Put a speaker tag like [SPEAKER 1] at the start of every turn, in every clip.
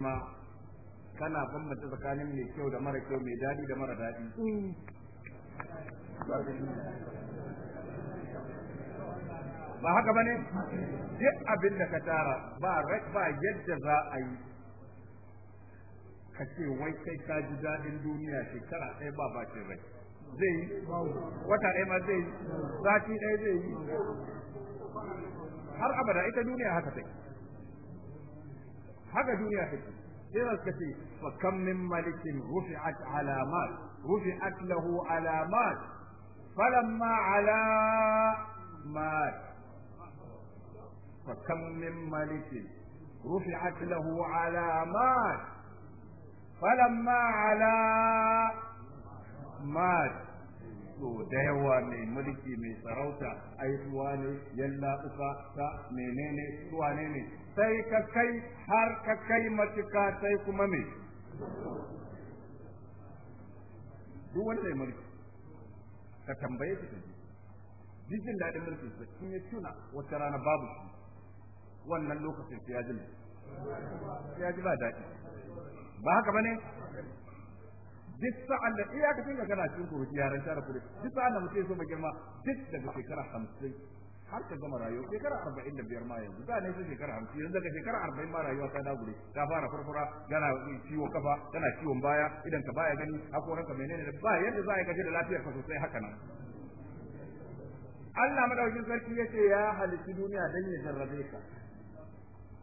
[SPEAKER 1] ma kana bambanta tsakanin mai kyau da mara kyau mai daɗi da mara daɗi ba haka bane duk abin da ka tara ba ba yadda za a yi ka ce wai kai ka ji daɗin duniya shekara ɗaya ba ce rai zai yi wata ɗaya ma zai yi sati ɗaya zai yi har abada ita duniya haka take هذا دنيا فتنة غير الكثير وكم من ملك رفعت على مال رفعت له على مال فلما على مال فكم من ملك رفعت له على مال فلما على مال so da yawa mai mulki mai sarauta aikuwa ne yalla uka ta menene suwa ne sai ka kai har ka kai matuka sai kuma me duk wanda ya mulki ka tambaye su kaji jijin daɗin mulki sa sun ya tuna wata rana babu shi wannan lokacin sai ya ji
[SPEAKER 2] ya ji ba daɗi ba haka ba ne?
[SPEAKER 1] duk sa'an da iya ka tinka kana cikin kuruci yaran tara kuɗi duk sa'an da mutum ya so girma duk daga shekara hamsin har ka gama rayuwa shekara arba'in da biyar ma yanzu da ne shekara hamsin yanzu daga shekara arba'in ma rayuwa ta dagule ta fara furfura kana ciwo kafa tana ciwon baya idan ka baya gani ka menene da ba yadda za a yi kashe da lafiyar ka sosai haka nan Allah madaukin sarki yace ya halitta duniya dan ya jarrabe ka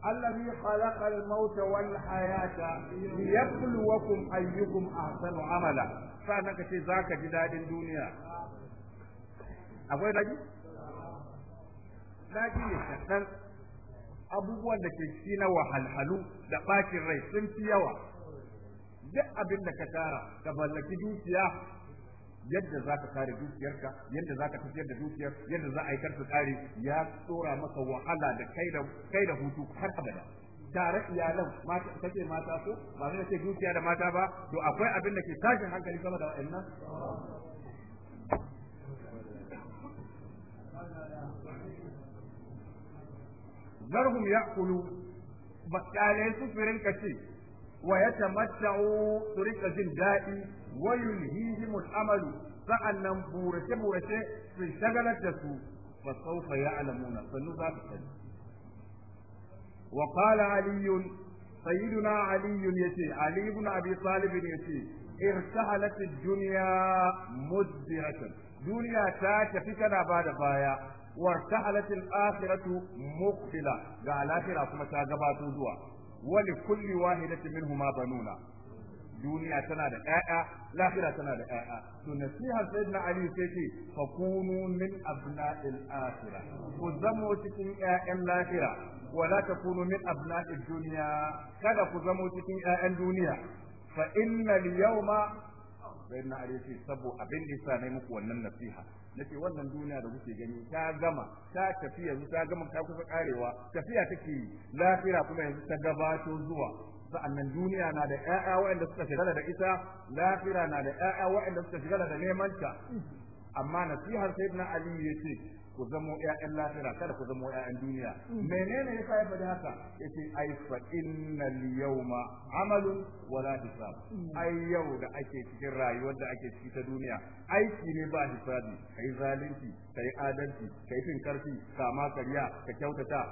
[SPEAKER 1] الذي خلق الموت والحياة ليبلوكم أيكم أحسن عملا فأنا كتي ذاك جداد الدنيا أقول لك لكن يشكل abubuwan da ke ci na wahalhalu da ɓacin rai sun fi yawa duk abin da ka tara ka ballaki dukiya yadda za ka kare dukiyarka yadda za ka tafiyar da dukiyar yadda za a yi karfi tsari ya tsora maka wahala da kai da hutu har abada tare iyalan mata ce mata ko ba zai ce dukiya da mata ba to akwai abin da ke tashin hankali sama da wa'annan zarhum ya'kulu ba kalai su firin kace ويتمتعوا طريق جن دائي ويلهيهم الأمل فأنا بورشة بورشة في شغلة فسوف يعلمون فنذاك وقال علي سيدنا علي يتي علي بن أبي طالب يتي ارتحلت الدنيا مدبرة دنيا تاتي كنا بعد بايا وارتحلت الآخرة مقبلة قال الآخرة كما تاجبات wa li kulli wahidatin huma banuna duniya tana da ƴaƴa lahira tana da ƴaƴa to nasiha sayyidina ali sai ce fa kunu min abna'il akhirah ku zamo cikin ƴaƴan lahira wa la takunu min abna'id dunya kada ku zamo cikin ƴaƴan duniya fa yau yawma sayyidina ali sai sabo abin da yasa ne muku wannan nasiha ce wannan duniya da kuke gani ta gama ta tafi yanzu ta gama ta kusa karewa tafiya take yi lafira kuma yanzu ta gabato zuwa sa'annan duniya na da ƴaƴa waɗanda suka shigar da ita lafira na da ƴaƴa waɗanda suka shigar da neman ta amma nasihar sayyidina ali yace ku zamo ƴaƴan lafiya kada ku zamo ƴaƴan duniya menene yasa ya faɗi haka yace ai fa innal yawma amalun wala hisab ai yau da ake cikin rayuwar da ake ciki ta duniya aiki ne ba hisabi kai zalunci kai adalci kai fin karfi kama karya ka kyautata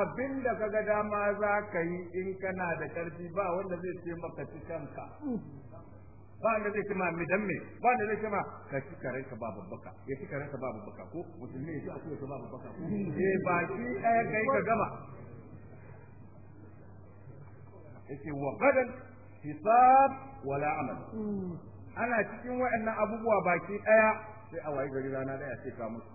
[SPEAKER 1] abin da kaga dama za ka yi in kana da karfi ba wanda zai ce maka ci kanka ba wanda zai ce ma mi me ba wanda zai ce ma ka ci karen ka babu baka ya ci karen ka babu baka ko musulmi ya ci ka babu baka ko eh shi ɗaya kai ka gama yace wa gadan hisab wala amal hmm. ana cikin waɗannan abubuwa baki ɗaya sai a wayi gari rana ɗaya sai ka mutu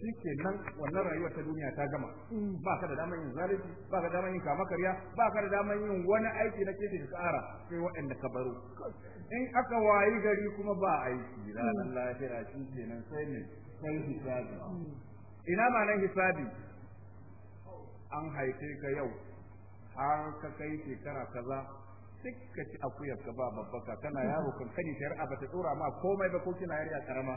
[SPEAKER 1] shike nan wannan rayuwar ta duniya ta gama mm. ba ka da daman yin zalunci ba ka da daman yin kama karya ba ka da daman yin wani aiki na da tsara sai waɗanda ka baro in aka wayi gari kuma ba aiki mm. ranar lafiya shi ke nan sai ne sai hisabi mm. ina ma nan hisabi an haife ka yau har ka kai shekara kaza ka ci akuyar ka ba babbaka kana yaro kan kani ta yar'a bata tsora ma komai ba ko kina yarya karama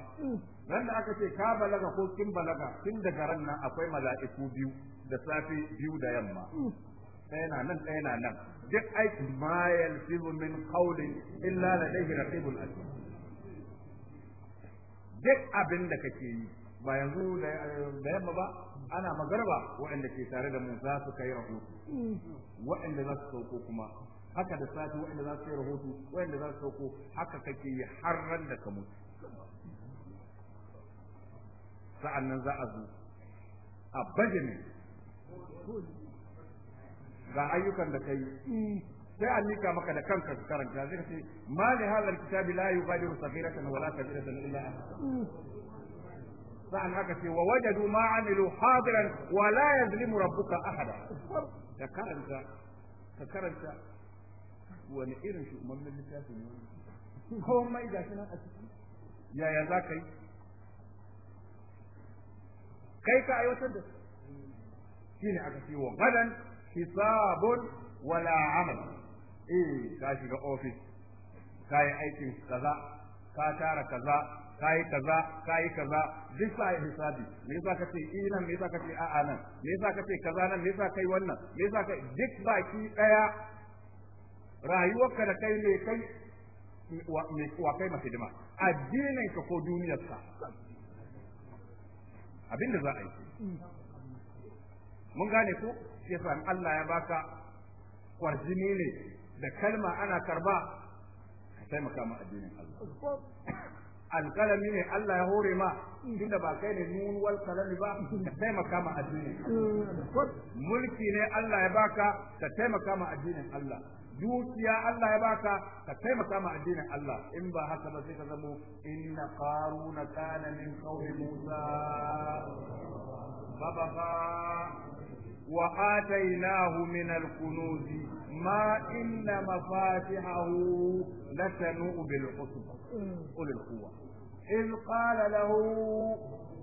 [SPEAKER 1] ran da aka ce ka balaga ko kin balaga tun da ran nan akwai mala'iku biyu da safe biyu da yamma ɗaya na nan ɗaya na nan duk aiki ma yalfizu min qawlin illa ladayhi raqibun atid duk abin da kake yi ba yanzu da yamma ba ana magarba waɗanda ke tare da mu za su kai rahoto waɗanda za su sauko kuma haka da safi wanda za su yi rahoto wanda za su sauko haka kake yi har ran da ka mutu sa'an nan za a zo a baje ne ga ayyukan da kai sai an nika maka da kanka su karanta zai ka ce ma ne halar kitabi la yubadiru safiratan wala kabiratan illa sa'an haka ce wa wajadu ma amilu hadiran wa la yazlimu rabbuka ahada ka karanta ka karanta wani irin shi umar nan littafi ne komai ga shi nan a ciki yaya za ka yi kai ka aiwatar da su ne aka ce wa gadan hisabun wala amal eh ka shiga ka yi aikin kaza ka tara kaza yi kaza yi kaza duk sa yi hisabi me yasa kace eh nan me yasa kace a'a nan me yasa kace kaza nan me yasa kai wannan me yasa yi duk baki daya rayuwarka da kai ne kai wa kai masu hidima ka ko duniyarsa abinda za a yi mun gane ko shi Allah ya baka kwarjini ne da kalma ana karba ka taimaka ma addinin Allah alkalami ne Allah ya hore ma tunda ba kai ne nun wal kalami ba ka taimaka ma addinin mulki ne Allah ya baka ka taimaka ma addinin Allah dukiya Allah ya baka ka taimaka ma addinin Allah in ba haka ba sai ka zamo inna qaruna kana min qaumi musa babaka وآتيناه من الكنوز ما إن مفاتحه لتنوء بالعصبة أولي القوة إذ قال له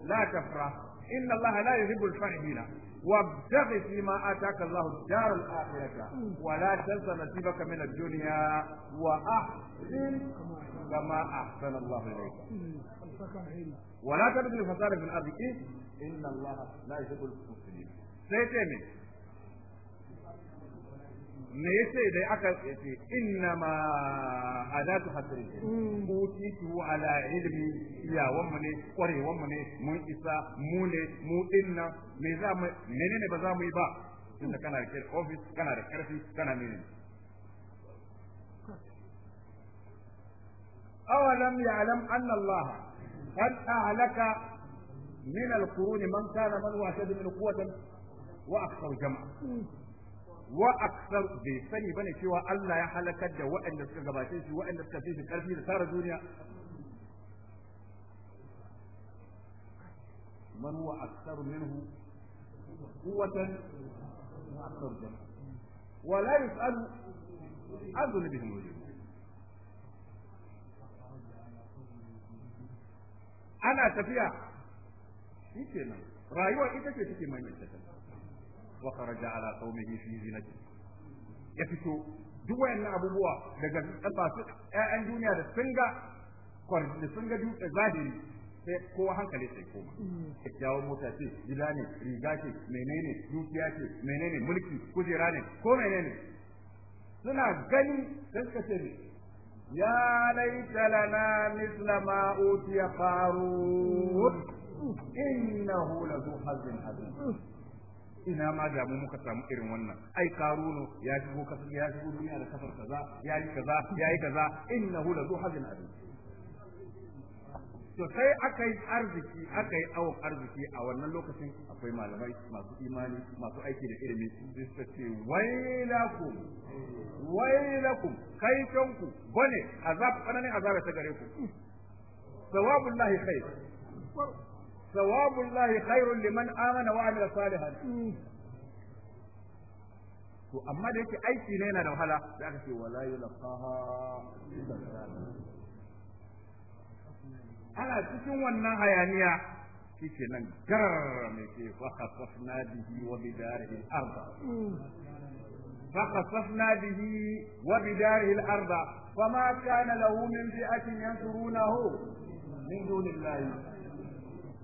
[SPEAKER 1] لا تفرح إن الله لا يحب الفرحين وابتغ فيما آتاك الله الدار الآخرة ولا تنس نصيبك من الدنيا وأحسن كما أحسن الله إليك ولا تبذل الفساد في الأرض إن الله لا يحب المسلمين sai ce ne me yace dai aka ce inna ma adatu hasri mm. tu ala ilmi ya mu ne kwarewan mu ne mun isa mu ne mu dinna me za mu menene ba za mu yi ba tunda kana da office kana da karfi kana menene awalam ya'lam anna Allah qad ahlaka min al-qurun man kana man wasada min quwwatin wa aksaru jama'a wa aksar bai sani bane cewa Allah ya halakar da waɗanda suka gabace shi waɗanda suka fi karfi da tara duniya man huwa aksaru minhu quwwatan wa aksaru jama'a wa la yus'alu an dhunubihim wajib ana tafiya shi kenan rayuwa ita ce take manyanta wa kharaja ala qaumihi fi zinati ya fito duk wayannan abubuwa daga masu ƴaƴan duniya da sun ga da sun ga dutse zahiri sai kowa hankali sai koma mm. kyakkyawan mota ce gida ne riga ce menene dukiya ce menene mulki kujera ne ko menene suna gani sai suka ce يا ليت لنا مثل ما أوتي قارون إنه لذو حظ عظيم ina ma ga mu muka samu irin wannan ai karuno ya shigo kasu ya shigo duniya da kafar kaza ya yi kaza ya yi kaza innahu la zu abin to sai aka arziki aka yi awon arziki a wannan lokacin akwai malamai masu imani masu aiki da ilimi sai suka ce wailakum wailakum kai tonku bane azab kananin azaba ta gare ku sawabullahi khair thawabullahi khairun liman amana wa amila salihan to amma da yake aiki ne yana da wahala Za ka ce wala yulqaha ana cikin wannan hayaniya shike nan garar mai ke fa khasafna bihi wa bidarihi al-arba فخسفنا به وبداره الأرض فما كان له min فئة ينصرونه من دون الله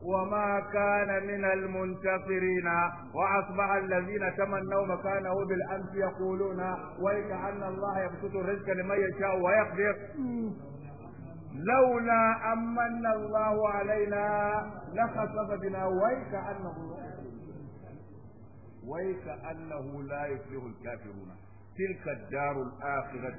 [SPEAKER 1] وما كان من المنتصرين وأصبح الذين تمنوا مكانه بالأمس يقولون ويك أن الله يبسط الرزق لمن يشاء ويقدر لولا أمن الله علينا لخسف بنا ويك انه لا يفلح الكافرون تلك الدار الآخرة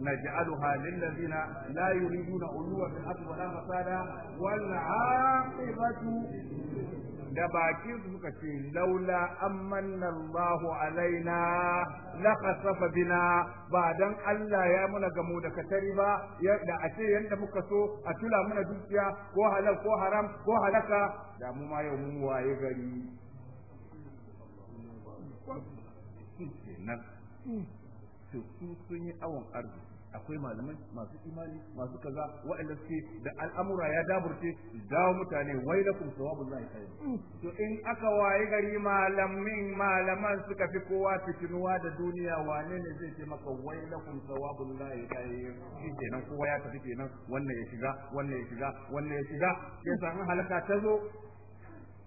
[SPEAKER 1] نجعلها للذين لا يريدون علوا في الأرض ولا فسادا والعاقبة da baki suka ce laula amanna Allahu alaina la khasafa bina ba dan Allah ya muna gamo da katari ba da a ce yadda muka so a tula mana dukiya ko haram ko halaka da mu ma yau mun waye gari to su sun yi awon arziki akwai malamai masu imani masu kaza wa'anda suke da al'amura ya daburce dawo mutane wai na kun sawabu zai kai to in aka waye gari malamin malaman suka fi kowa fitinuwa da duniya wane ne zai ce maka wai na kun sawabu zai kai shi kenan kowa ya tafi kenan wannan ya shiga wannan ya shiga wannan ya shiga sai san halaka ta zo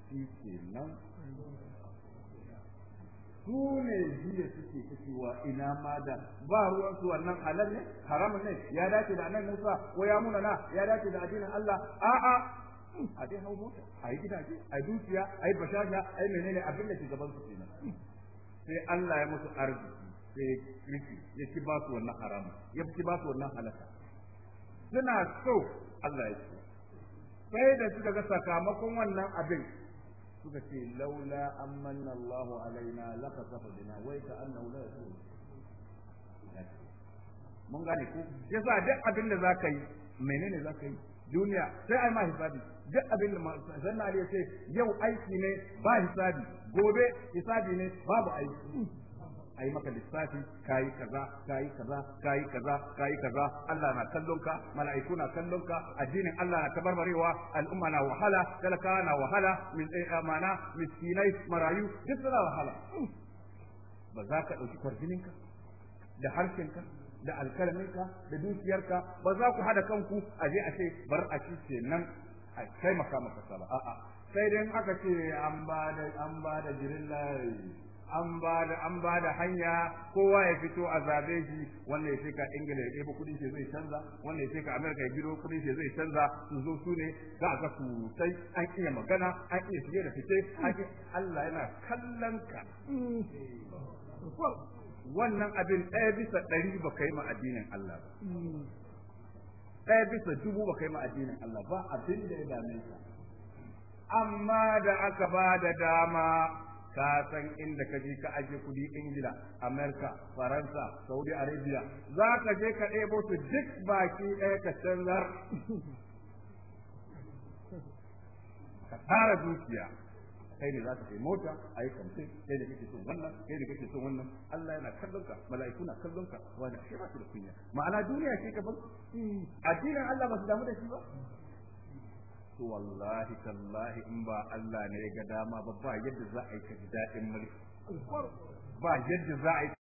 [SPEAKER 1] shi kenan su ne jiya suke fitowa ina ma da ba ruwan su wannan halal ne haram ne ya dace da nan Musa ko ya muna na ya dace da addinin Allah a'a a dai hau mota a yi gidaje a yi dukiya a yi bashasha a yi menene abin da ke gaban su kenan sai Allah ya musu arziki sai riki ya ci ba su wannan haram ya ci ba su wannan halaka suna so Allah ya ci. sai da suka ga sakamakon wannan abin suka ce laula manna Allah alaina laqasafa bina wai ka annahu la yasul mun gane ku yasa duk abin da zaka yi menene zaka yi duniya sai ai ma hisabi duk abin da sannan Ali ya ce yau aiki ne ba hisabi gobe hisabi ne babu aiki a yi maka lissafi kayi kaza kayi kaza kayi kaza kayi kaza Allah na kallon ka mala'iku na kallon ka addinin Allah na tabarbarewa al'umma na wahala talakawa na wahala min eh, amana miskinai marayu duk suna wahala ba za ka ɗauki kwarjininka da harshenka da alkalaminka da dukiyarka ba za ku hada kanku a je a ce bar a ci kenan a taimaka maka ba a'a sai dai aka ce an ba da an ba da jirin an ba da an ba da hanya kowa ya fito a zabe shi wannan ya ce ka ingila ya ɗebo kuɗin shi zai canza wannan ya ce ka amerika ya gido kuɗin shi zai canza su zo su ne za a ga sai an iya magana an iya shige da fice an Allah yana kallon ka wannan abin ɗaya bisa ɗari ba yi ma addinin Allah ba ɗaya bisa dubu ba yi ma addinin Allah ba abin da ya dame ka amma da aka ba da dama ka san inda ka je ka aje kudi ingila amerika faransa saudi arabia za ka je ka ɗebo su duk baki ɗaya ka canzar ka tara dukiya kai ne za ka kai mota a yi kamfe kai ne kake son wannan kai ne kake son wannan Allah yana kallon ka mala'iku na kallon ka wani kai ba su da kunya ma'ana duniya ce ka ban hmm, addinin Allah ba su damu da shi ba to wallahi tallahi in ba Allah ne ga dama ba ba yadda za a yi ka ji daɗin mulki ba yadda za a yi